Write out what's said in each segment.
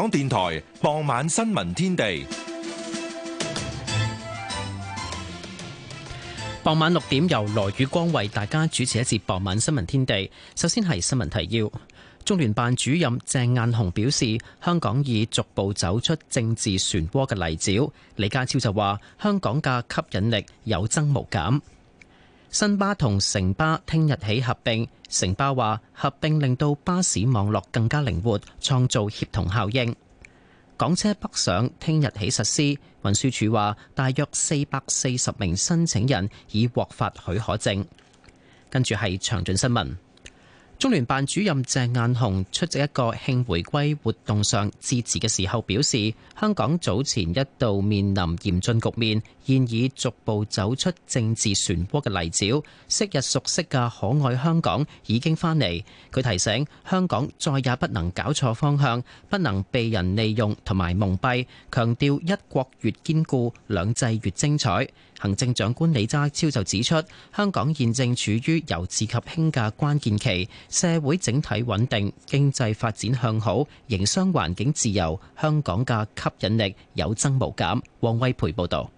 港電台傍晚新聞天地，傍晚六點由羅宇光為大家主持一節傍晚新聞天地。首先係新聞提要，中聯辦主任鄭雁雄表示，香港已逐步走出政治漩渦嘅泥沼。李家超就話，香港嘅吸引力有增無減。新巴同城巴聽日起合併，城巴話合併令到巴士網絡更加靈活，創造協同效應。港車北上聽日起實施，運輸署話大約四百四十名申請人已獲發許可證。跟住係詳盡新聞。中聯辦主任鄭雁雄出席一個慶回歸活動上致辭嘅時候表示，香港早前一度面臨嚴峻局面，現已逐步走出政治漩渦嘅泥沼，昔日熟悉嘅可愛香港已經返嚟。佢提醒香港再也不能搞錯方向，不能被人利用同埋蒙蔽，強調一國越堅固，兩制越精彩。行政長官李家超就指出，香港現正處於由治及興嘅關鍵期，社會整體穩定，經濟發展向好，營商環境自由，香港嘅吸引力有增無減。黃威培報導。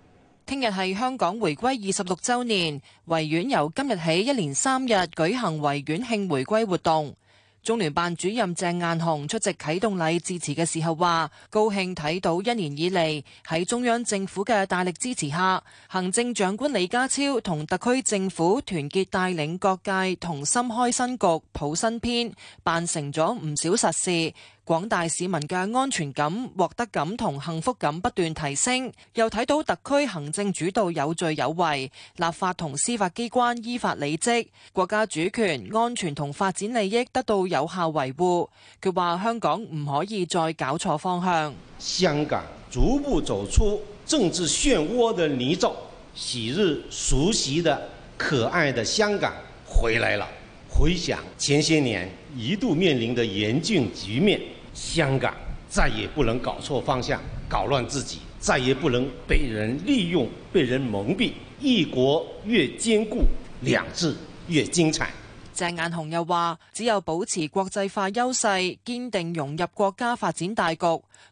聽日係香港回歸二十六週年，維園由今日起一連三日舉行維園慶回歸活動。中聯辦主任鄭雁雄出席啟動禮致辭嘅時候話：「高興睇到一年以嚟喺中央政府嘅大力支持下，行政長官李家超同特區政府團結帶領各界同心開新局、譜新篇，辦成咗唔少實事。」廣大市民嘅安全感、獲得感同幸福感不斷提升，又睇到特區行政主導有序有為，立法同司法機關依法履職，國家主權、安全同發展利益得到有效維護。佢話：香港唔可以再搞錯方向。香港逐步走出政治漩渦的泥沼，昔日熟悉的、可愛的香港回來了。回想前些年一度面臨的嚴峻局面。香港再也不能搞錯方向，搞亂自己，再也不能被人利用、被人蒙蔽。一國越堅固，兩制越精彩。鄭雁雄又話：只有保持國際化優勢，堅定融入國家發展大局，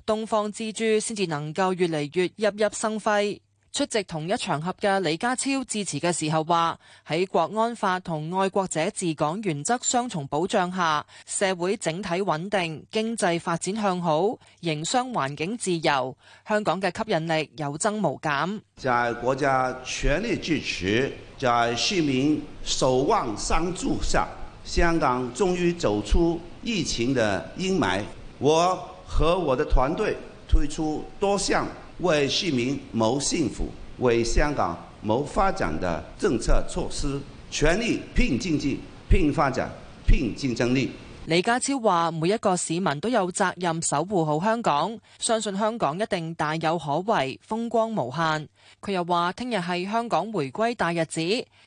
東方之珠先至能夠越嚟越熠熠生輝。出席同一場合嘅李家超致辭嘅時候話：喺國安法同愛國者治港原則雙重保障下，社會整體穩定，經濟發展向好，營商環境自由，香港嘅吸引力有增無減。在國家全力支持、在市民守望相助下，香港終於走出疫情的陰霾。我和我的團隊推出多項。為市民謀幸福，為香港謀發展的政策措施，全力拼經濟、拼發展、拼競爭力。李家超話：每一個市民都有責任守護好香港，相信香港一定大有可為，風光無限。佢又話：聽日係香港回歸大日子，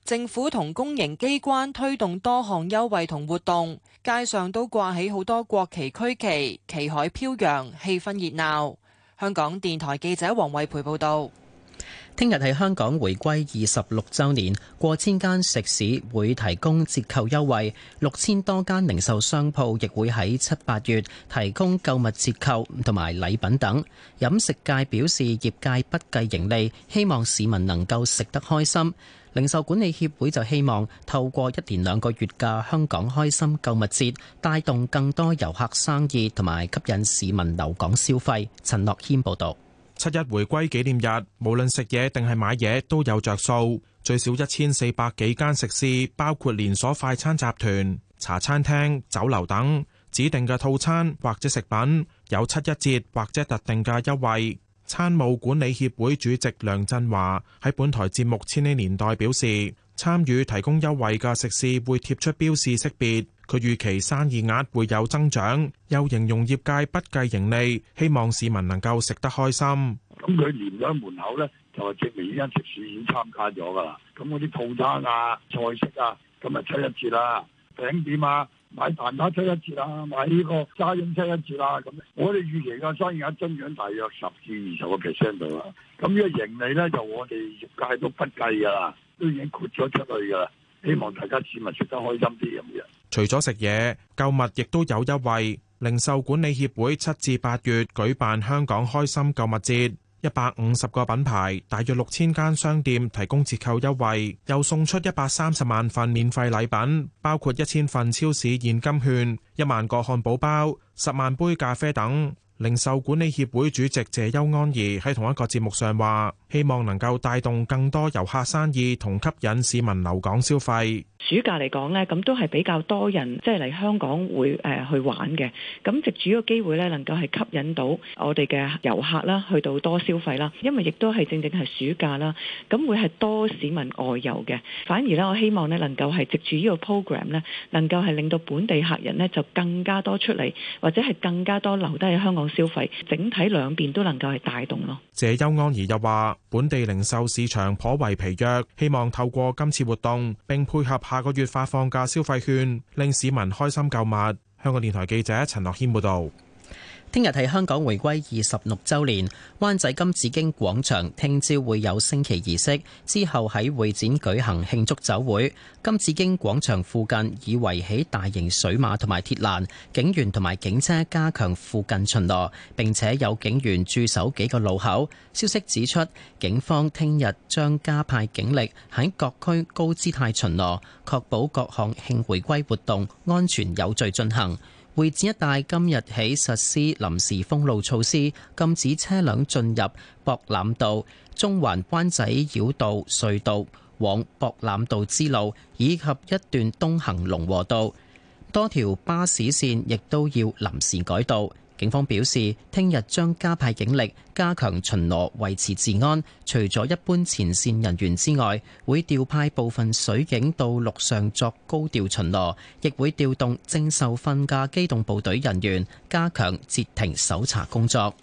政府同公營機關推動多項優惠同活動，街上都掛起好多國旗區旗，旗海飄揚，氣氛熱鬧。香港電臺記者王慧培報道：聽日係香港回歸二十六周年，過千間食肆會提供折扣優惠，六千多間零售商鋪亦會喺七八月提供購物折扣同埋禮品等。飲食界表示，業界不計盈利，希望市民能夠食得開心。零售管理協會就希望透過一年兩個月嘅香港開心購物節帶動更多遊客生意同埋吸引市民留港消費，陳樂謙報道。七一回歸紀念日，無論食嘢定係買嘢都有着數，最少一千四百幾間食肆，包括連鎖快餐集團茶餐廳酒樓等指定嘅套餐或者食品有七一折或者特定嘅優惠。餐務管理協會主席梁振華喺本台節目《千禧年代》表示，參與提供優惠嘅食肆會貼出標示識別，佢預期生意額會有增長。又形容業，業界不計盈利，希望市民能夠食得開心。咁佢黏咗門口咧，就係證明呢間食肆已經參加咗噶啦。咁嗰啲套餐啊、菜式啊，咁啊七一折啦，餅店啊。買蛋撻出一折啦，買呢個沙翁出一折啦，咁我哋預期嘅生意額增長大約十至二十個 percent 度啦。咁呢個盈利咧，就我哋業界都不計噶啦，都已經豁咗出去噶啦。希望大家市民食得開心啲咁樣。除咗食嘢，購物亦都有優惠。零售管理協會七至八月舉辦香港開心購物節。一百五十個品牌，大約六千間商店提供折扣優惠，又送出一百三十萬份免費禮品，包括一千份超市現金券、一萬個漢堡包、十萬杯咖啡等。零售管理協會主席謝邱安儀喺同一個節目上話。希望能夠帶動更多遊客生意同吸引市民留港消費。暑假嚟講呢，咁都係比較多人，即係嚟香港會誒、呃、去玩嘅。咁藉住呢個機會呢，能夠係吸引到我哋嘅遊客啦，去到多消費啦。因為亦都係正正係暑假啦，咁會係多市民外遊嘅。反而呢，我希望呢，能夠係藉住呢個 program 呢，能夠係令到本地客人呢就更加多出嚟，或者係更加多留低喺香港消費。整體兩邊都能夠係帶動咯。謝邱安儀又話。本地零售市場頗為疲弱，希望透過今次活動，並配合下個月發放嘅消費券，令市民開心購物。香港電台記者陳樂謙報道。聽日係香港回歸二十六周年，灣仔金紫荊廣場聽朝會有升旗儀式，之後喺會展舉行慶祝酒會。金紫荊廣場附近已圍起大型水馬同埋鐵欄，警員同埋警車加強附近巡邏，並且有警員駐守幾個路口。消息指出，警方聽日將加派警力喺各區高姿態巡邏，確保各項慶回歸活動安全有序進行。會展一帶今日起實施臨時封路措施，禁止車輛進入博覽道、中環灣仔繞道、隧道、往博覽道之路以及一段東行龍和道。多條巴士綫亦都要臨時改道。警方表示，聽日將加派警力，加強巡邏，維持治安。除咗一般前線人員之外，會調派部分水警到陸上作高調巡邏，亦會調動正受訓嘅機動部隊人員，加強截停搜查工作。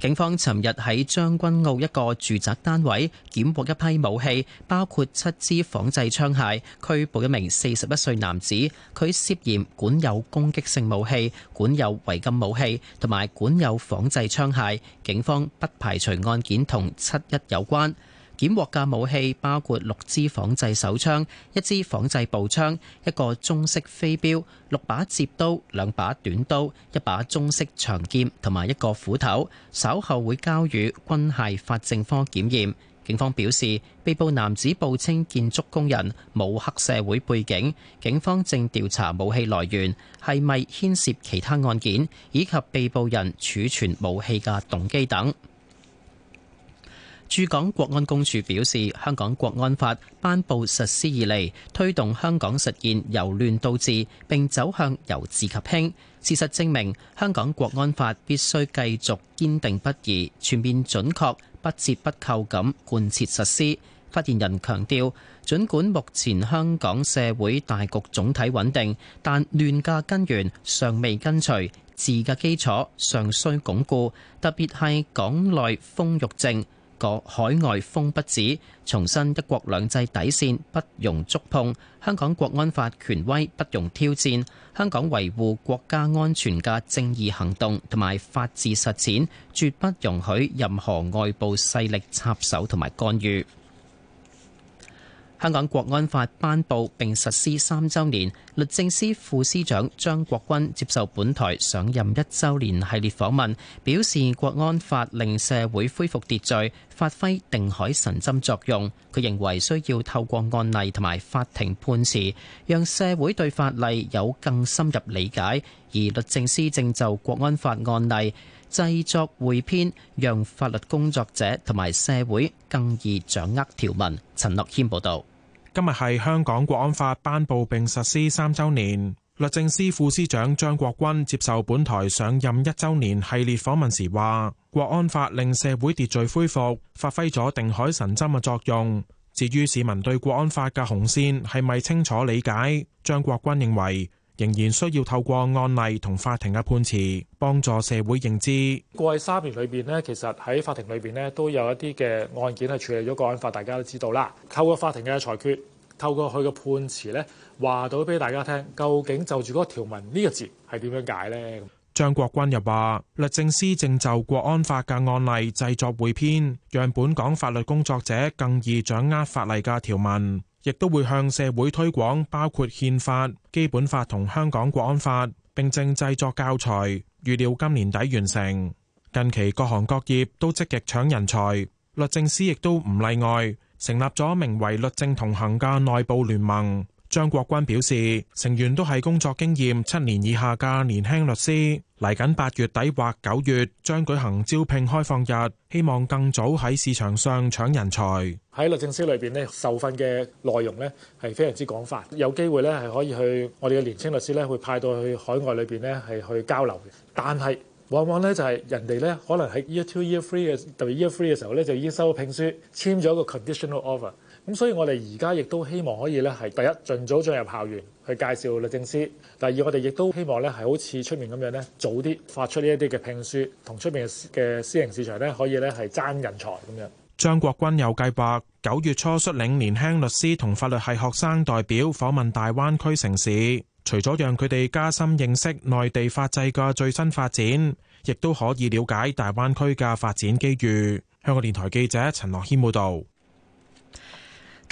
警方尋日喺將軍澳一個住宅單位檢獲一批武器，包括七支仿製槍械，拘捕一名四十一歲男子，佢涉嫌管有攻擊性武器、管有違禁武器同埋管有仿製槍械。警方不排除案件同七一有關。檢獲嘅武器包括六支仿製手槍、一支仿製步槍、一個中式飛鏢、六把折刀、兩把短刀、一把中式長劍同埋一個斧頭，稍後會交予軍械法政科檢驗。警方表示，被捕男子報稱建築工人，冇黑社會背景。警方正調查武器來源係咪牽涉其他案件，以及被捕人儲存武器嘅動機等。駐港國安公署表示，香港國安法頒布實施以嚟，推動香港實現由亂到治並走向由治及興。事實證明，香港國安法必須繼續堅定不移、全面準確、不折不扣咁貫徹實施。發言人強調，儘管目前香港社會大局總體穩定，但亂嘅根源尚未根除，治嘅基礎尚需鞏固，特別係港內風欲靜，個海外風不止，重申一國兩制底線不容觸碰，香港國安法權威不容挑戰，香港維護國家安全嘅正義行動同埋法治實踐，絕不容許任何外部勢力插手同埋干預。香港國安法頒布並實施三周年，律政司副司長張國軍接受本台上任一周年系列訪問，表示國安法令社會恢復秩序，發揮定海神針作用。佢認為需要透過案例同埋法庭判詞，讓社會對法例有更深入理解。而律政司正就國安法案例，製作匯編，讓法律工作者同埋社會更易掌握條文。陳樂謙報道，今日係香港國安法頒布並實施三周年，律政司副司長張國軍接受本台上任一周年系列訪問時話，國安法令社會秩序恢復，發揮咗定海神針嘅作用。至於市民對國安法嘅紅線係咪清楚理解，張國軍認為仍然需要透過案例同法庭嘅判詞，幫助社會認知。過去三年裏邊呢，其實喺法庭裏邊呢，都有一啲嘅案件係處理咗國安法，大家都知道啦。透過法庭嘅裁決，透過佢嘅判詞呢，話到俾大家聽，究竟就住嗰個條文呢個字係點樣解呢？張國鈞又話，律政司正就國安法嘅案例製作匯編，讓本港法律工作者更易掌握法例嘅條文。亦都會向社會推廣，包括憲法、基本法同香港國安法，並正製作教材，預料今年底完成。近期各行各業都積極搶人才，律政司亦都唔例外，成立咗名為「律政同行」嘅內部聯盟。張國軍表示，成員都係工作經驗七年以下嘅年輕律師，嚟緊八月底或九月將舉行招聘開放日，希望更早喺市場上搶人才。喺律政司裏邊咧，受訓嘅內容咧係非常之廣泛，有機會咧係可以去我哋嘅年輕律師咧會派到去海外裏邊咧係去交流嘅。但係往往咧就係人哋咧可能喺 year two year three 嘅，特別 year three 嘅時候咧就已經收咗聘書，簽咗一個 conditional offer。咁所以我哋而家亦都希望可以咧係第一，盡早進入校園去介紹律政司；第二，我哋亦都希望咧係好似出面咁樣咧，早啲發出呢一啲嘅聘書同出面嘅私營市場咧可以咧係爭人才咁樣。張國軍又計劃九月初率領年輕律師同法律系學生代表訪問大灣區城市，除咗讓佢哋加深認識內地法制嘅最新發展，亦都可以了解大灣區嘅發展機遇。香港電台記者陳樂謙報道。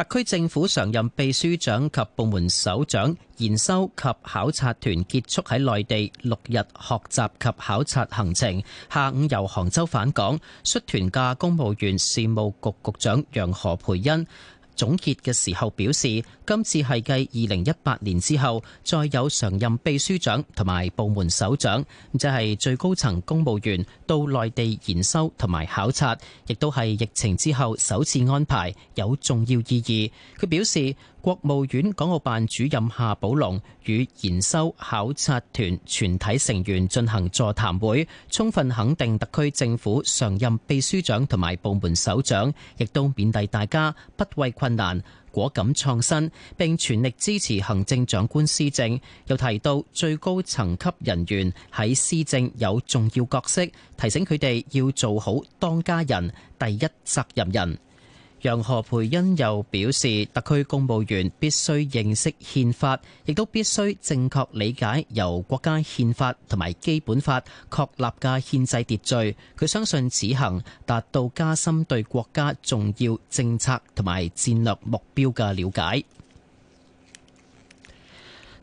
特區政府常任秘書長及部門首長研修及考察團結束喺內地六日學習及考察行程，下午由杭州返港。率團嘅公務員事務局局長楊何培恩，總結嘅時候表示，今次係繼二零一八年之後，再有常任秘書長同埋部門首長，即係最高層公務員到內地研修同埋考察，亦都係疫情之後首次安排，有重要意義。佢表示。國務院港澳辦主任夏寶龍與研修考察團全體成員進行座談會，充分肯定特區政府常任秘書長同埋部門首長，亦都勉勵大家不畏困難，果敢創新，並全力支持行政長官施政。又提到最高層級人員喺施政有重要角色，提醒佢哋要做好當家人、第一責任人。楊何培恩又表示，特區公務員必須認識憲法，亦都必須正確理解由國家憲法同埋基本法確立嘅憲制秩序。佢相信此行達到加深對國家重要政策同埋戰略目標嘅了解。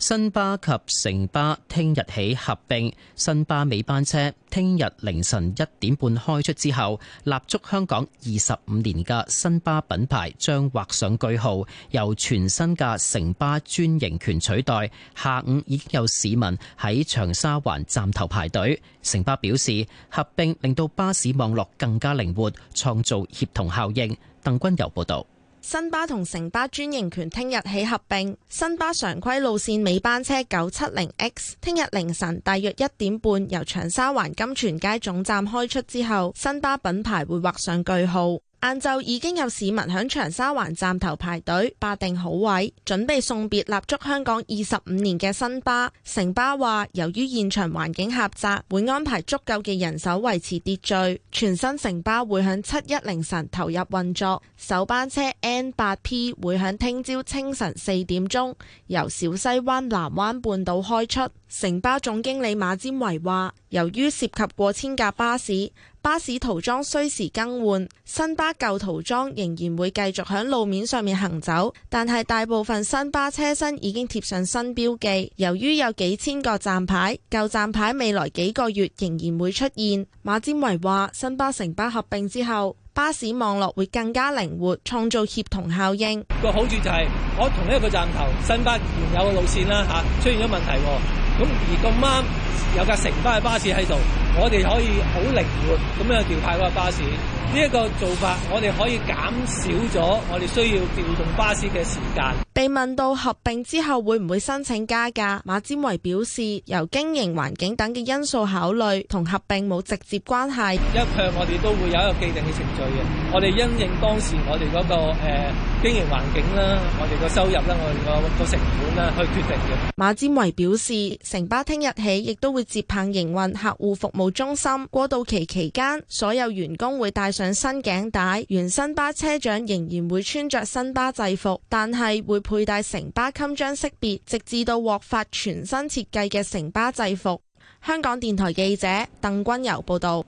新巴及城巴聽日起合併，新巴尾班車聽日凌晨一點半開出之後，立足香港二十五年嘅新巴品牌將劃上句號，由全新嘅城巴專營權取代。下午已經有市民喺長沙灣站頭排隊。城巴表示，合併令到巴士網絡更加靈活，創造協同效應。鄧君遊報導。新巴同城巴專營權聽日起合併，新巴常規路線尾班車九七零 X 聽日凌晨大約一點半由長沙灣金泉街總站開出之後，新巴品牌會畫上句號。晏晝已經有市民喺長沙灣站頭排隊，霸定好位，準備送別立足香港二十五年嘅新巴。城巴話，由於現場環境狹窄，會安排足夠嘅人手維持秩序。全新城巴會喺七一凌晨投入運作，首班車 N 八 P 會喺聽朝清晨四點鐘由小西灣藍灣半島開出。城巴總經理馬占維話，由於涉及過千架巴士，巴士塗裝需時更換，新巴舊塗裝仍然會繼續響路面上面行走。但係大部分新巴車身已經貼上新標記。由於有幾千個站牌，舊站牌未來幾個月仍然會出現。馬占維話，新巴城巴合併之後，巴士網絡會更加靈活，創造協同效應。個好處就係、是、我同一個站頭，新巴原有嘅路綫啦，吓、啊、出現咗問題、啊。咁而咁啱有架城巴嘅巴士喺度，我哋可以好靈活咁樣調派嗰個巴士。呢、這、一個做法，我哋可以減少咗我哋需要調動巴士嘅時間。被問到合併之後會唔會申請加價，馬占維表示由經營環境等嘅因素考慮，同合併冇直接關係，一向我哋都會有一個既定嘅程序嘅，我哋因應當時我哋嗰、那個誒。呃經營環境啦，我哋個收入啦，我哋個成本啦，去決定嘅。馬占維表示，城巴聽日起亦都會接棒營運客戶服務中心。過渡期期間，所有員工會戴上新頸帶，原新巴車長仍然會穿着新巴制服，但係會佩戴城巴襟章識別，直至到獲發全新設計嘅城巴制服。香港電台記者鄧君柔報導。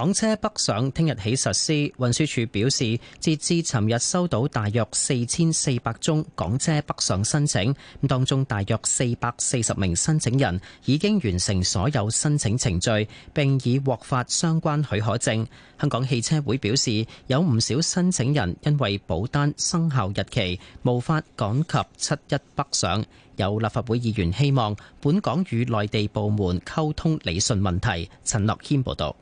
港車北上聽日起實施，運輸署表示，截至尋日收到大約四千四百宗港車北上申請，當中大約四百四十名申請人已經完成所有申請程序，並已獲發相關許可證。香港汽車會表示，有唔少申請人因為保單生效日期，無法趕及七一北上。有立法會議員希望本港與內地部門溝通理順問題。陳樂軒報導。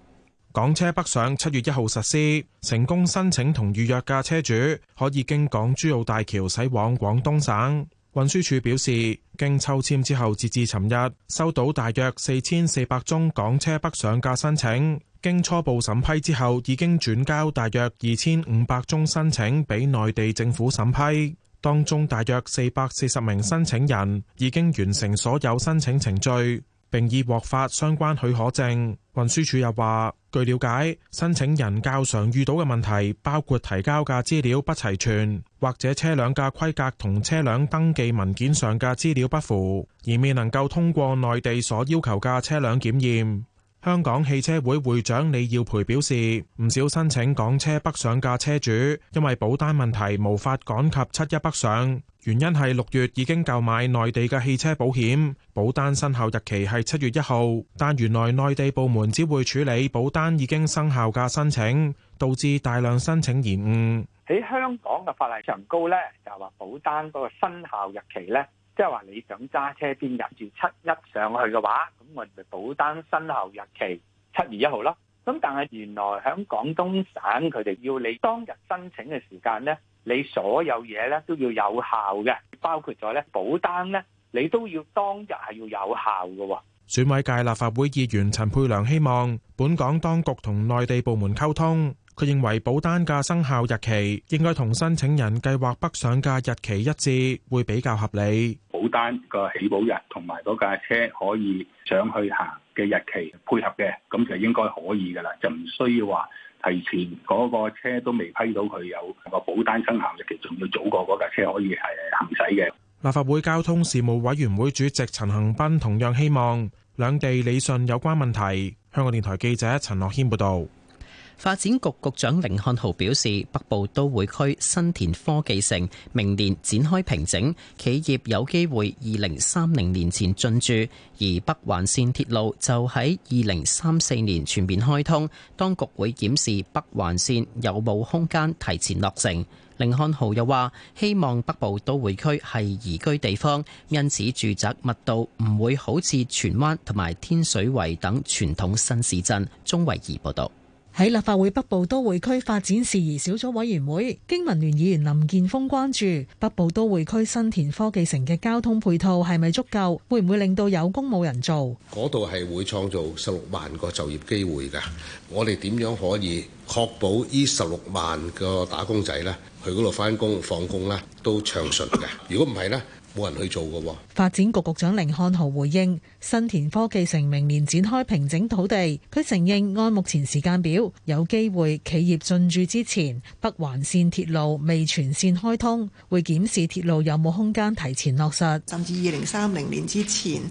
港車北上七月一號實施，成功申請同預約嘅車主可以經港珠澳大橋駛往廣東省。運輸署表示，經抽簽之後，截至尋日收到大約四千四百宗港車北上嘅申請，經初步審批之後，已經轉交大約二千五百宗申請俾內地政府審批。當中大約四百四十名申請人已經完成所有申請程序。並已獲發相關許可證。運輸署又話，據了解，申請人較常遇到嘅問題包括提交嘅資料不齊全，或者車輛嘅規格同車輛登記文件上嘅資料不符，而未能夠通過內地所要求嘅車輛檢驗。香港汽車會會長李耀培表示，唔少申請港車北上嘅車主因為保單問題無法趕及七一北上，原因係六月已經購買內地嘅汽車保險，保單生效日期係七月一號，但原來內地部門只會處理保單已經生效嘅申請，導致大量申請延誤。喺香港嘅法例上高呢，就係話保單個生效日期呢。即係話你想揸車邊入住七一上去嘅話，咁我哋就保單生效日期七月一號咯。咁但係原來喺廣東省，佢哋要你當日申請嘅時間呢，你所有嘢咧，都要有效嘅，包括咗咧保單咧，你都要當日係要有效嘅。選委界立法會議員陳佩良希望本港當局同內地部門溝通。佢認為保單嘅生效日期應該同申請人計劃北上嘅日期一致，會比較合理。保單個起保日同埋嗰架車可以上去行嘅日期配合嘅，咁就應該可以㗎喇，就唔需要話提前嗰個車都未批到佢有個保單生效日期，仲要早過嗰架車可以係行駛嘅。立法會交通事務委員會主席陳恒鑌同樣希望兩地理順有關問題。香港電台記者陳樂軒報導。發展局局長甯漢豪表示，北部都會區新田科技城明年展開平整，企業有機會二零三零年前進駐。而北環綫鐵路就喺二零三四年全面開通，當局會檢視北環綫有冇空間提前落成。甯漢豪又話，希望北部都會區係宜居地方，因此住宅密度唔會好似荃灣同埋天水圍等傳統新市鎮。鍾維怡報道。喺立法會北部都會區發展事宜小組委員會，經民聯議員林健鋒關注北部都會區新田科技城嘅交通配套係咪足夠？會唔會令到有工冇人做？嗰度係會創造十六萬個就業機會㗎。我哋點樣可以確保呢十六萬個打工仔呢？去嗰度翻工放工呢，都暢順嘅？如果唔係呢？冇人去做㗎喎。發展局局長甯漢豪回應：新田科技城明年展開平整土地。佢承認按目前時間表，有機會企業進駐之前，北環線鐵路未全線開通，會檢視鐵路有冇空間提前落實，甚至二零三零年之前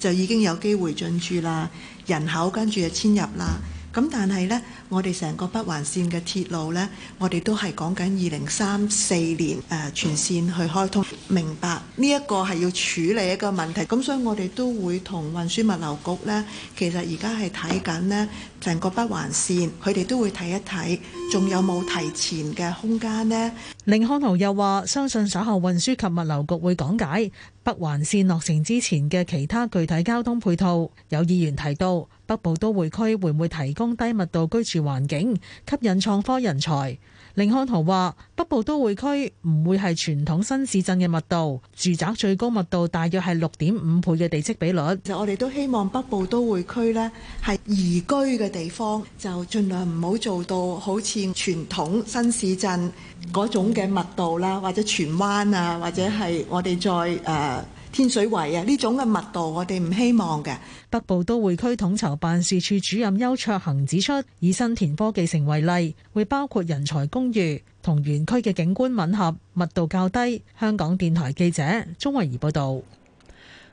就已經有機會進駐啦，人口跟住就遷入啦。咁但係呢，我哋成個北環線嘅鐵路呢，我哋都係講緊二零三四年誒、呃、全線去開通。明白呢一個係要處理一個問題，咁所以我哋都會同運輸物流局呢，其實而家係睇緊呢成個北環線，佢哋都會睇一睇，仲有冇提前嘅空間呢。令漢豪又話：相信稍後運輸及物流局會講解。北環線落成之前嘅其他具體交通配套，有議員提到，北部都會區會唔會提供低密度居住環境，吸引創科人才。甯漢豪話：北部都會區唔會係傳統新市鎮嘅密度，住宅最高密度大約係六點五倍嘅地積比率。其實我哋都希望北部都會區呢係宜居嘅地方，就盡量唔好做到好似傳統新市鎮嗰種嘅密度啦，或者荃灣啊，或者係我哋再誒。Uh, 天水圍啊，呢種嘅密度我哋唔希望嘅。北部都會區統籌辦事處主任邱卓恒指出，以新田科技城為例，會包括人才公寓同園區嘅景觀吻合，密度較低。香港電台記者鍾慧儀報道，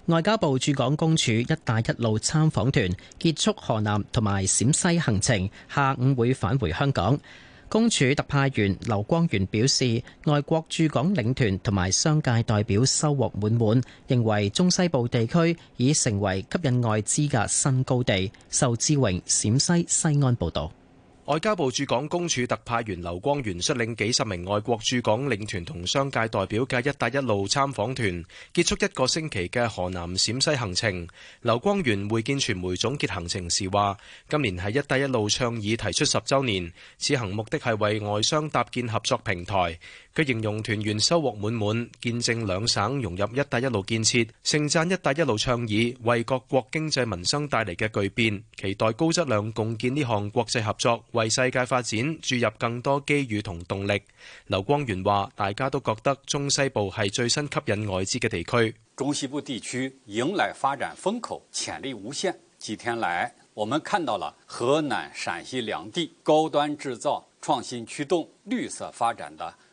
外交部駐港公署“一帶一路”參訪團結束河南同埋陝西行程，下午會返回香港。公署特派員劉光源表示，外國駐港領團同埋商界代表收穫滿滿，認為中西部地區已成為吸引外資嘅新高地。受志榮，陝西西安報導。外交部駐港公署特派員劉光源率領幾十名外國駐港領團同商界代表嘅一帶一路參訪團結束一個星期嘅河南陝西行程。劉光源會見傳媒總結行程時話，今年係一帶一路倡議提出十周年，此行目的係為外商搭建合作平台。佢形容團員收穫滿滿，見證兩省融入一帶一路建設，盛讚一帶一路倡議為各國經濟民生帶嚟嘅巨變，期待高質量共建呢項國際合作，為世界發展注入更多機遇同動力。劉光源話：大家都覺得中西部係最新吸引外資嘅地區，中西部地區迎來發展風口，潛力無限。幾天來，我們看到了河南、陝西兩地高端製造、創新驅動、綠色發展的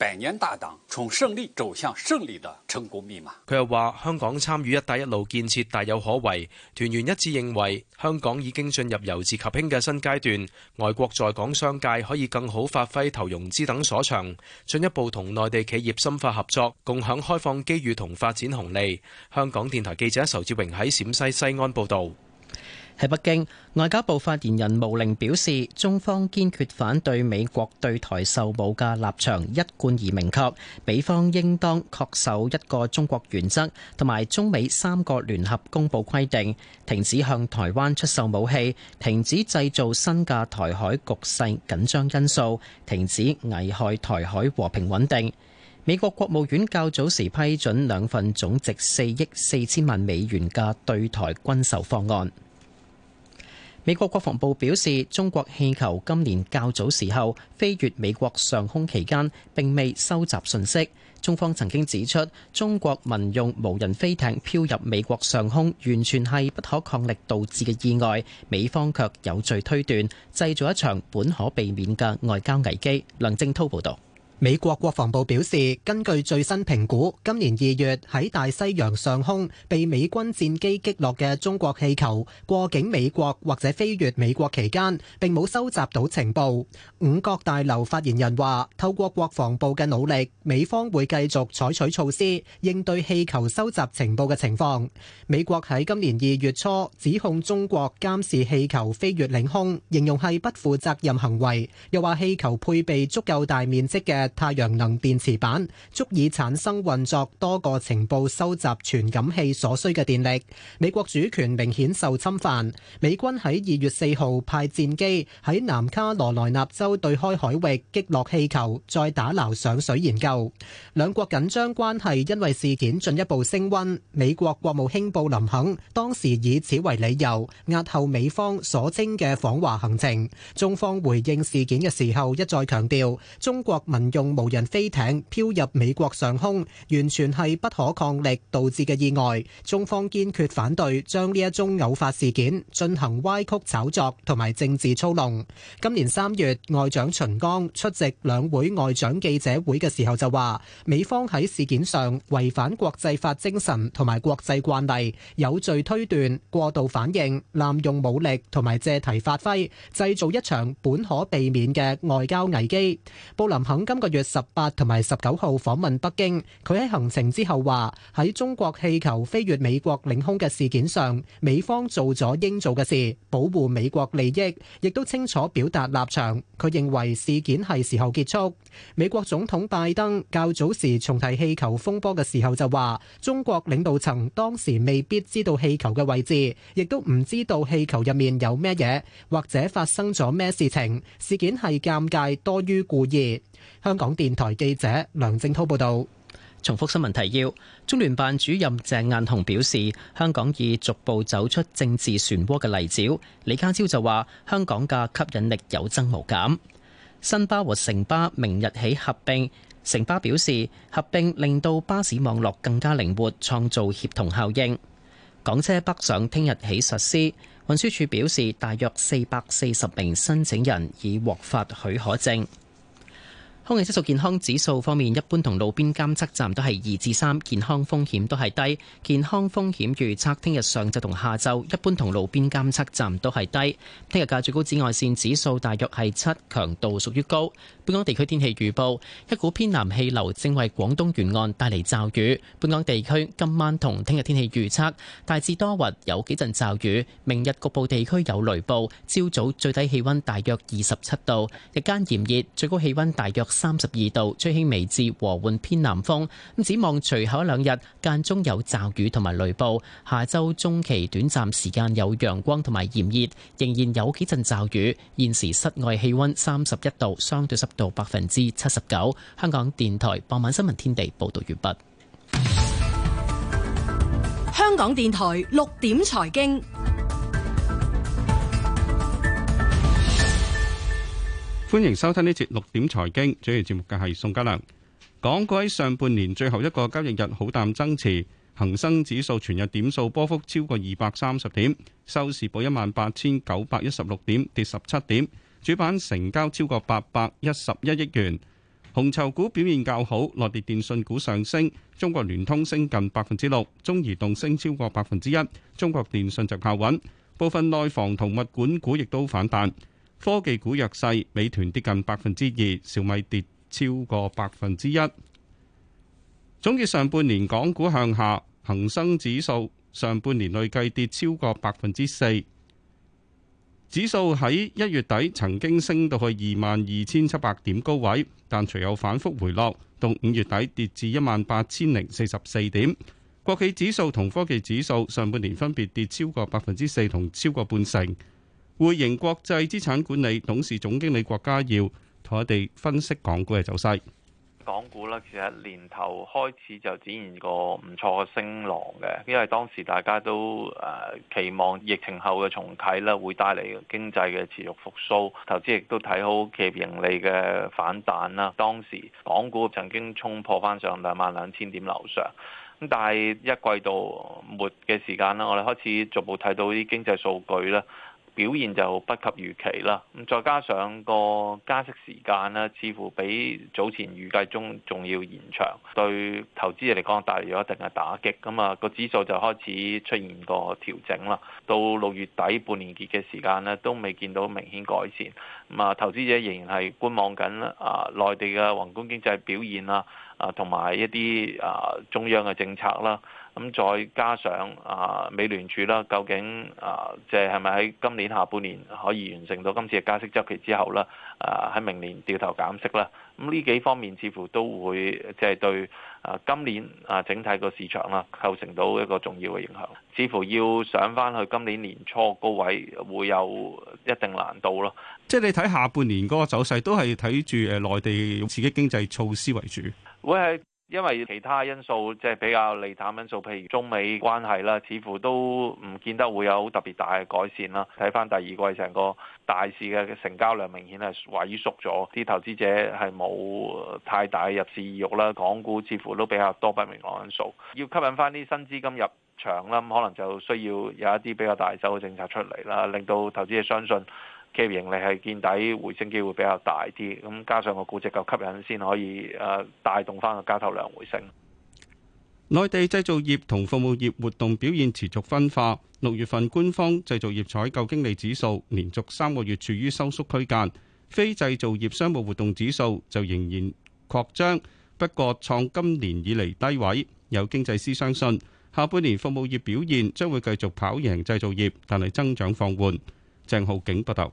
百年大黨從勝利走向勝利的成功密碼。佢又話香港參與一帶一路建設大有可為。團員一致認為香港已經進入由治及興嘅新階段，外國在港商界可以更好發揮投融資等所長，進一步同內地企業深化合作，共享開放機遇同發展紅利。香港電台記者仇志榮喺陝西西安報道。喺北京，外交部發言人毛寧表示，中方堅決反對美國對台售武嘅立場一貫而明確，美方應當恪守一個中國原則同埋中美三個聯合公布規定，停止向台灣出售武器，停止製造新嘅台海局勢緊張因素，停止危害台海和平穩定。美國國務院較早時批准兩份總值四億四千萬美元嘅對台軍售方案。美國國防部表示，中國氣球今年較早時候飛越美國上空期間並未收集信息。中方曾經指出，中國民用無人飛艇飄入美國上空完全是不可抗力導致的意外，美方卻有罪推斷，製造一場本可避免的外交危機。梁正滔報道。美國國防部表示，根據最新評估，今年二月喺大西洋上空被美軍戰機擊落嘅中國氣球過境美國或者飛越美國期間，並冇收集到情報。五角大樓發言人話，透過國防部嘅努力，美方會繼續採取措施應對氣球收集情報嘅情況。美國喺今年二月初指控中國監視氣球飛越領空，形容係不負責任行為，又話氣球配備足夠大面積嘅。太陽能電池板足以產生運作多個情報收集傳感器所需嘅電力。美國主權明顯受侵犯。美軍喺二月四號派戰機喺南卡羅來納州對開海域擊落氣球，再打撈上水研究。兩國緊張關係因為事件進一步升温。美國國務卿布林肯當時以此為理由，押後美方所稱嘅訪華行程。中方回應事件嘅時候一再強調，中國民用。用無人飛艇飄入美國上空，完全係不可抗力導致嘅意外。中方堅決反對將呢一宗偶發事件進行歪曲炒作同埋政治操弄。今年三月，外長秦剛出席兩會外長記者會嘅時候就話，美方喺事件上違反國際法精神同埋國際慣例，有罪推斷、過度反應、濫用武力同埋借題發揮，製造一場本可避免嘅外交危機。布林肯根據、這個。月十八同埋十九號訪問北京，佢喺行程之後話，喺中國氣球飛越美國領空嘅事件上，美方做咗應做嘅事，保護美國利益，亦都清楚表達立場。佢認為事件係時候結束。美國總統拜登較早時重提氣球風波嘅時候就話，中國領導層當時未必知道氣球嘅位置，亦都唔知道氣球入面有咩嘢，或者發生咗咩事情。事件係尷尬多於故意。香港電台記者梁正濤報道。重複新聞提要：中聯辦主任鄭雁雄表示，香港已逐步走出政治漩渦嘅泥沼。李家超就話，香港嘅吸引力有增無減。新巴和城巴明日起合併，城巴表示合併令到巴士網絡更加靈活，創造協同效應。港車北上聽日起實施，運輸署表示大約四百四十名申請人已獲發許可證。空氣質素健康指數方面，一般同路邊監測站都係二至三，健康風險都係低。健康風險預測聽日上晝同下晝，一般同路邊監測站都係低。聽日嘅最高紫外線指數大約係七，強度屬於高。本港地區天氣預報：一股偏南氣流正為廣東沿岸帶嚟驟雨。本港地區今晚同聽日天氣預測大致多雲，有幾陣驟雨。明日局部地區有雷暴。朝早最低氣溫大約二十七度，日間炎熱，最高氣溫大約。三十二度，吹輕微至和緩偏南風。咁展望，隨後兩日間中有驟雨同埋雷暴。下周中期短暫時間有陽光同埋炎熱，仍然有幾陣驟雨。現時室外氣溫三十一度，相對濕度百分之七十九。香港電台傍晚新聞天地報道完畢。香港電台六點財經。歡迎收聽呢節六點財經，主持節目嘅係宋家良。港股喺上半年最後一個交易日好淡增持，恒生指數全日點數波幅超過二百三十點，收市報一萬八千九百一十六點，跌十七點。主板成交超過八百一十一億元，紅籌股表現較好，內地電信股上升，中國聯通升近百分之六，中移動升超過百分之一，中國電信就靠穩，部分內房同物管股亦都反彈。科技股弱勢，美團跌近百分之二，小米跌超過百分之一。總結上半年港股向下，恒生指數上半年累計跌超過百分之四。指數喺一月底曾經升到去二萬二千七百點高位，但隨後反覆回落，到五月底跌至一萬八千零四十四點。國企指數同科技指數上半年分別跌超過百分之四同超過半成。匯盈國際資產管理董事總經理郭家耀同我哋分析港股嘅走勢。港股呢，其實年頭開始就展現個唔錯嘅升浪嘅，因為當時大家都誒、呃、期望疫情後嘅重啟啦，會帶嚟經濟嘅持續復蘇，投資亦都睇好企業盈利嘅反彈啦。當時港股曾經衝破返上兩萬兩千點樓上，咁但係一季度末嘅時間啦，我哋開始逐步睇到啲經濟數據啦。表現就不及預期啦，咁再加上個加息時間呢，似乎比早前預計中仲要延長，對投資者嚟講帶嚟咗一定嘅打擊，咁、嗯、啊、個指數就開始出現個調整啦。到六月底半年結嘅時間呢，都未見到明顯改善，咁、嗯、啊投資者仍然係觀望緊啊內地嘅宏觀經濟表現啦，啊同埋一啲啊中央嘅政策啦。啊咁再加上啊，美聯儲啦，究竟啊，即係係咪喺今年下半年可以完成到今次嘅加息周期之後啦？啊，喺明年掉頭減息啦。咁呢幾方面似乎都會即係對啊，今年啊，整體個市場啦構成到一個重要嘅影響，似乎要上翻去今年年初高位會有一定難度咯。即係你睇下半年嗰個走勢都係睇住誒內地用刺激經濟措施為主，會係。因為其他因素即係比較利淡因素，譬如中美關係啦，似乎都唔見得會有好特別大嘅改善啦。睇翻第二季成個大市嘅成交量明顯係萎縮咗，啲投資者係冇太大嘅入市意欲啦。港股似乎都比較多不明朗因素，要吸引翻啲新資金入場啦，咁可能就需要有一啲比較大手嘅政策出嚟啦，令到投資者相信嘅盈利係見底回升機會比較大啲，咁加上個估值夠吸引先可以誒帶動翻個交投量回升。內地製造業同服務業活動表現持續分化。六月份官方製造業採購經理指數連續三個月處於收縮區間，非製造業商務活動指數就仍然擴張，不過創今年以嚟低位。有經濟師相信下半年服務業表現將會繼續跑贏製造業，但係增長放緩。鄭浩景報道。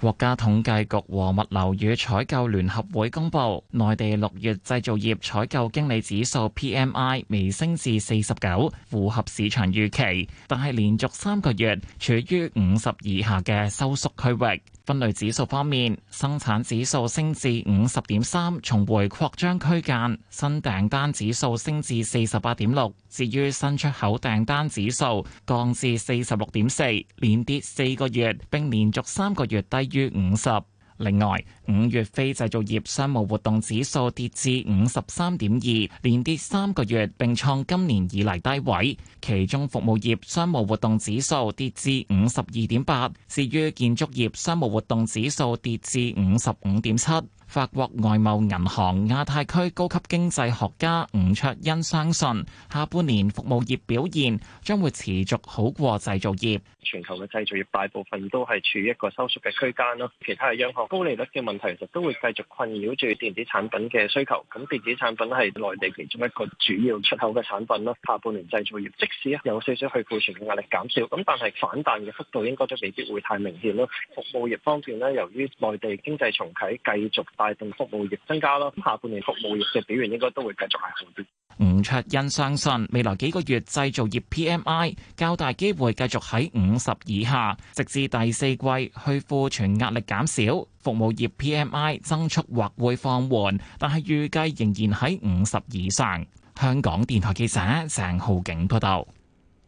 國家統計局和物流與採購聯合會公布，內地六月製造業採購經理指數 PMI 微升至四十九，符合市場預期，但係連續三個月處於五十以下嘅收縮區域。分類指數方面，生產指數升至五十點三，重回擴張區間；新訂單指數升至四十八點六，至於新出口訂單指數降至四十六點四，連跌四個月，並連續三個月低於五十。另外，五月非製造業商務活動指數跌至五十三點二，連跌三個月，並創今年以嚟低位。其中服務業商務活動指數跌至五十二點八，至於建築業商務活動指數跌至五十五點七。法國外貿銀行亞太區高級經濟學家吳卓恩相信，下半年服務業表現將會持續好過製造業。全球嘅製造業大部分都係處於一個收縮嘅區間咯，其他嘅央行高利率嘅問題其實都會繼續困擾住電子產品嘅需求。咁電子產品係內地其中一個主要出口嘅產品咯。下半年製造業即使有少少去庫存嘅壓力減少，咁但係反彈嘅幅度應該都未必會太明顯咯。服務業方面咧，由於內地經濟重啟繼續，帶動服務業增加咯，咁下半年服務業嘅表現應該都會繼續係好啲。吳卓欣相信未來幾個月製造業 PMI 較大機會繼續喺五十以下，直至第四季去庫存壓力減少，服務業 PMI 增速或會放緩，但係預計仍然喺五十以上。香港電台記者鄭浩景報道。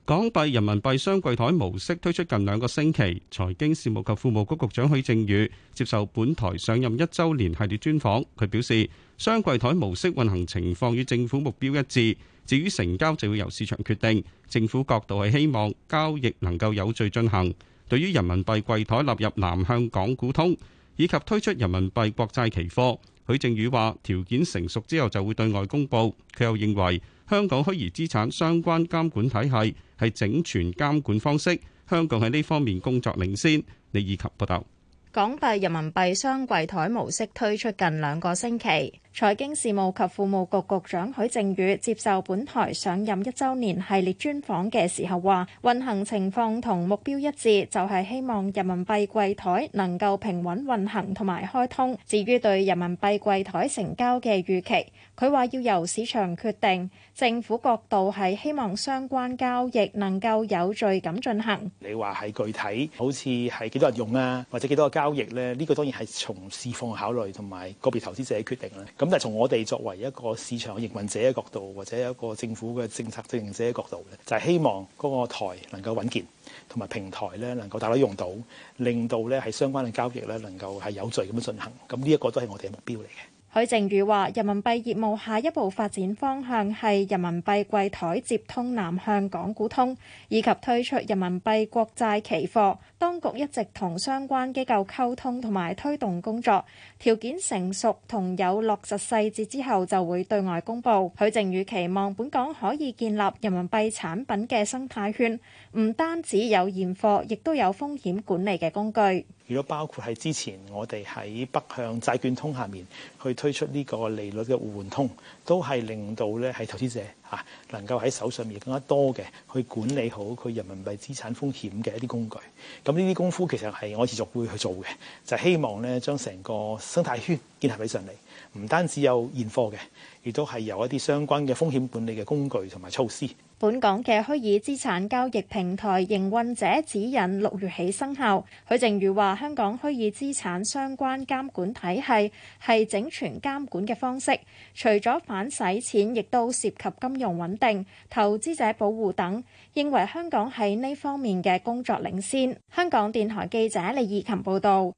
港幣、人民幣雙櫃台模式推出近兩個星期，財經事務及庫務局局長許正宇接受本台上任一週年系列專訪，佢表示雙櫃台模式運行情況與政府目標一致。至於成交就會由市場決定，政府角度係希望交易能夠有序進行。對於人民幣櫃台納入南向港股通以及推出人民幣國債期貨，許正宇話條件成熟之後就會對外公佈。佢又認為香港虛擬資產相關監管體系係整全監管方式，香港喺呢方面工作領先。李以及報道，港幣、人民幣雙櫃台模式推出近兩個星期。財經事務及庫務局局長許正宇接受本台上任一周年系列專訪嘅時候話，運行情況同目標一致，就係、是、希望人民幣櫃台能夠平穩運行同埋開通。至於對人民幣櫃台成交嘅預期，佢話要由市場決定。政府角度係希望相關交易能夠有序咁進行。你話係具體，好似係幾多日用啊，或者幾多個交易呢？呢、這個當然係從市況考慮同埋個別投資者嘅決定啦。咁但係從我哋作為一個市場營運者嘅角度，或者一個政府嘅政策制定者嘅角度咧，就係希望嗰個台能夠穩健，同埋平台咧能夠大家用到，令到咧係相關嘅交易咧能夠係有序咁樣進行。咁呢一個都係我哋嘅目標嚟嘅。許靖宇話，人民幣業務下一步發展方向係人民幣櫃檯接通南向港股通，以及推出人民幣國債期貨。當局一直同相關機構溝通同埋推動工作，條件成熟同有落實細節之後，就會對外公布。許正宇期望本港可以建立人民幣產品嘅生態圈。唔單止有現貨，亦都有風險管理嘅工具。如果包括係之前我哋喺北向債券通下面去推出呢個利率嘅互換通，都係令到咧係投資者嚇、啊、能夠喺手上面更加多嘅去管理好佢人民幣資產風險嘅一啲工具。咁呢啲功夫其實係我持續會去做嘅，就係、希望咧將成個生態圈建立起上嚟。唔單止有現貨嘅，亦都係有一啲相關嘅風險管理嘅工具同埋措施。本港嘅虛擬資產交易平台營運者指引六月起生效。許正宇話：香港虛擬資產相關監管體系係整全監管嘅方式，除咗反洗錢，亦都涉及金融穩定、投資者保護等。認為香港喺呢方面嘅工作領先。香港電台記者李以琴報道。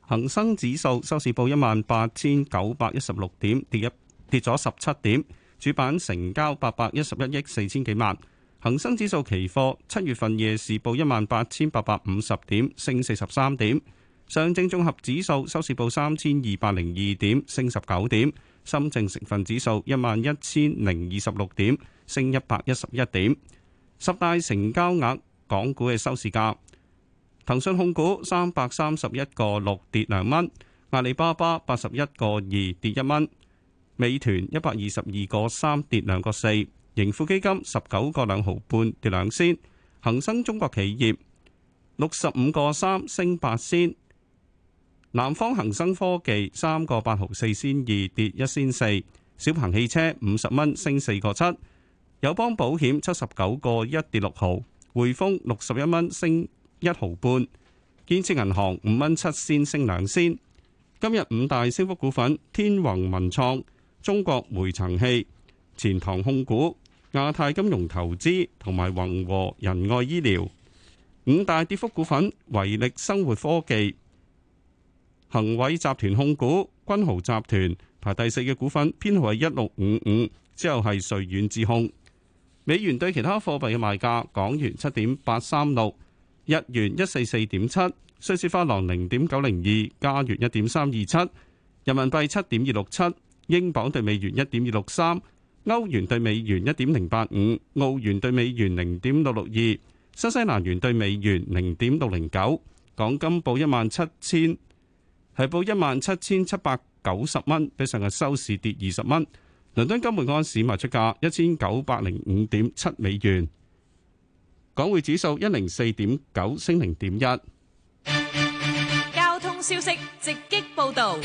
恒生指數收市報一萬八千九百一十六點，跌一跌咗十七點。主板成交八百一十一億四千幾萬，恒生指數期貨七月份夜市報一萬八千八百五十點，升四十三點；上證綜合指數收市報三千二百零二點，升十九點；深證成分指數一萬一千零二十六點，升一百一十一點。十大成交額港股嘅收市價，騰訊控股三百三十一個六跌兩蚊，阿里巴巴八十一個二跌一蚊。美團一百二十二個三跌兩個四，盈富基金十九個兩毫半跌兩仙，恒生中國企業六十五個三升八仙，南方恒生科技三個八毫四仙二跌一仙四，小鵬汽車五十蚊升四個七，友邦保險七十九個一跌六毫，匯豐六十一蚊升一毫半，建設銀行五蚊七仙升兩仙，今日五大升幅股份：天弘文創。中國煤層氣、錢塘控股、亞太金融投資同埋宏和仁愛醫療五大跌幅股份，維力生活科技、恒偉集團控股、君豪集團排第四嘅股份，編號係一六五五，之後係瑞遠智控。美元對其他貨幣嘅賣價：港元七點八三六，日元一四四點七，瑞士法郎零點九零二，加元一點三二七，人民幣七點二六七。英鎊兌美元一點二六三，歐元兌美元一點零八五，澳元兌美元零點六六二，新西蘭元兌美元零點六零九。港金報一萬七千，係報一萬七千七百九十蚊，比上日收市跌二十蚊。倫敦金每安士賣出價一千九百零五點七美元。港匯指數一零四點九升零點一。交通消息直擊報道。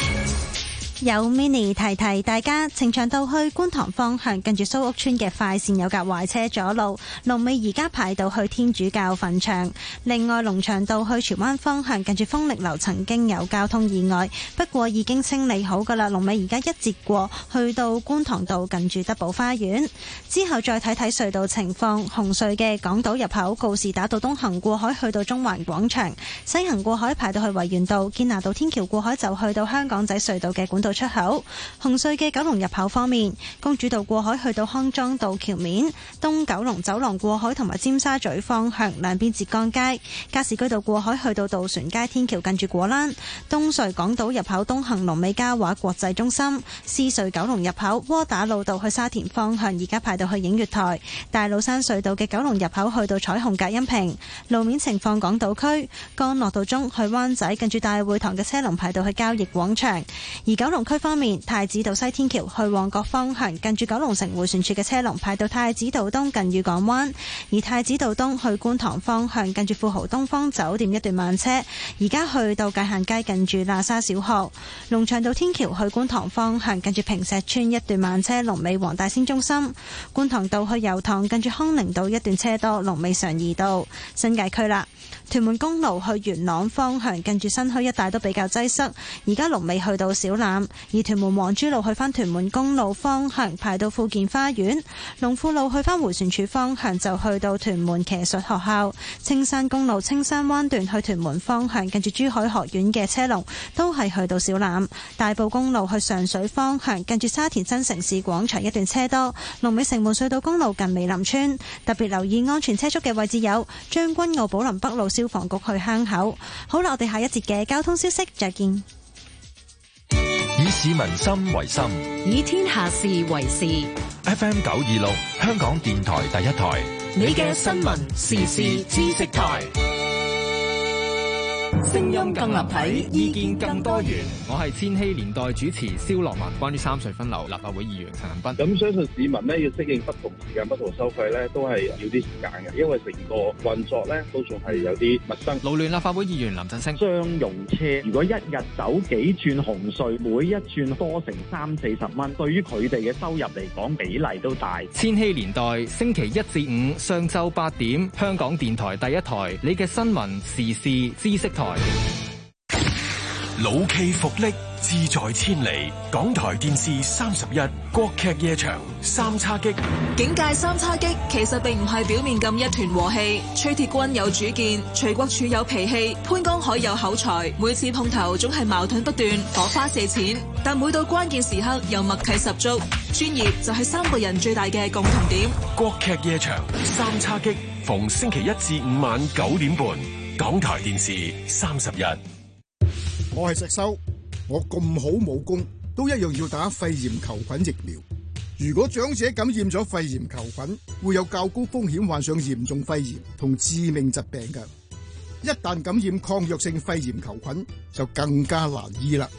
有 m i n i 提提大家，呈祥道去觀塘方向，近住蘇屋村嘅快綫有架壞車阻路，龍尾而家排到去天主教墳場。另外，龍翔道去荃灣方向，近住風力樓曾經有交通意外，不過已經清理好噶啦，龍尾而家一截過去到觀塘道，近住德寶花園之後再睇睇隧道情況。紅隧嘅港島入口告士打道東行過海去到中環廣場，西行過海排到去維園道堅拿道天橋過海就去到香港仔隧道嘅管道。出口紅隧嘅九龍入口方面，公主道過海去到康莊道橋面，東九龍走廊過海同埋尖沙咀方向兩邊浙江街，加士居道過海去到渡船街天橋近住果欄，東隧港島入口東行龍尾嘉華國際中心，獅隧九龍入口窩打老道去沙田方向而家排到去映月台，大老山隧道嘅九龍入口去到彩虹隔音屏路面情況，港島區干諾道中去灣仔近住大會堂嘅車龍排到去交易廣場，而九龍。區方面，太子道西天橋去旺角方向，近住九龍城回旋處嘅車龍排到太子道東近譽港灣；而太子道東去觀塘方向，近住富豪東方酒店一段慢車；而家去到界限街，近住喇沙小學；龍翔道天橋去觀塘方向，近住坪石邨一段慢車；龍尾黃大仙中心；觀塘道去油塘，近住康寧道一段車多；龍尾常宜道，新界區啦。屯門公路去元朗方向，近住新墟一帶都比較擠塞，而家龍尾去到小欖。而屯門黃珠路去返屯門公路方向，排到富健花園；龍富路去返回旋處方向就去到屯門騎術學校。青山公路青山灣段去屯門方向，近住珠海學院嘅車龍都係去到小欖。大埔公路去上水方向，近住沙田新城市廣場一段車多。龍尾城門隧道公路近美林村，特別留意安全車速嘅位置有將軍澳寶林北路。消防局去坑口，好啦，我哋下一節嘅交通消息再見。以市民心為心，以天下事為事。FM 九二六，香港電台第一台，你嘅新聞時事知識台。聲音更立體，意見更多元。我係千禧年代主持蕭樂文。關於三隧分流，立法會議員陳恒鑌。咁相信市民咧要適應不同時間、不同收費咧，都係要啲時間嘅，因為成個運作咧都仲係有啲陌生。勞聯立法會議員林振昇：「商用車如果一日走幾轉紅隧，每一轉多成三四十蚊，對於佢哋嘅收入嚟講，比例都大。」千禧年代星期一至五上晝八點，香港電台第一台，你嘅新聞時事知識台。老驥伏櫪，志在千里。港台電視三十一，國劇夜場三叉戟。警界三叉戟其實並唔係表面咁一團和氣。崔鐵軍有主見，徐國柱有脾氣，潘江海有口才。每次碰頭總係矛盾不斷，火花四濺。但每到關鍵時刻又默契十足。專業就係三個人最大嘅共同點。國劇夜場三叉戟，逢星期一至五晚九點半。港台電視三十日，我係石修，我咁好武功都一樣要打肺炎球菌疫苗。如果長者感染咗肺炎球菌，會有較高風險患上嚴重肺炎同致命疾病㗎。一旦感染抗藥性肺炎球菌，就更加難醫啦。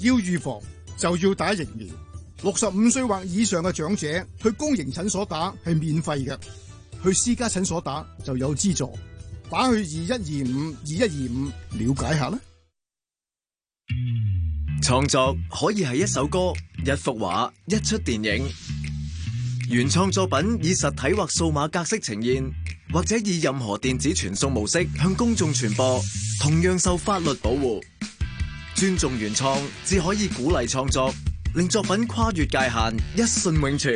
要預防就要打疫苗。六十五歲或以上嘅長者去公營診所打係免費嘅，去私家診所打就有資助。打去二一二五二一二五了解下啦。創作可以係一首歌、一幅畫、一出電影，原創作品以實體或數碼格式呈現，或者以任何電子傳送模式向公眾傳播，同樣受法律保護。尊重原創，只可以鼓勵創作，令作品跨越界限，一順永存。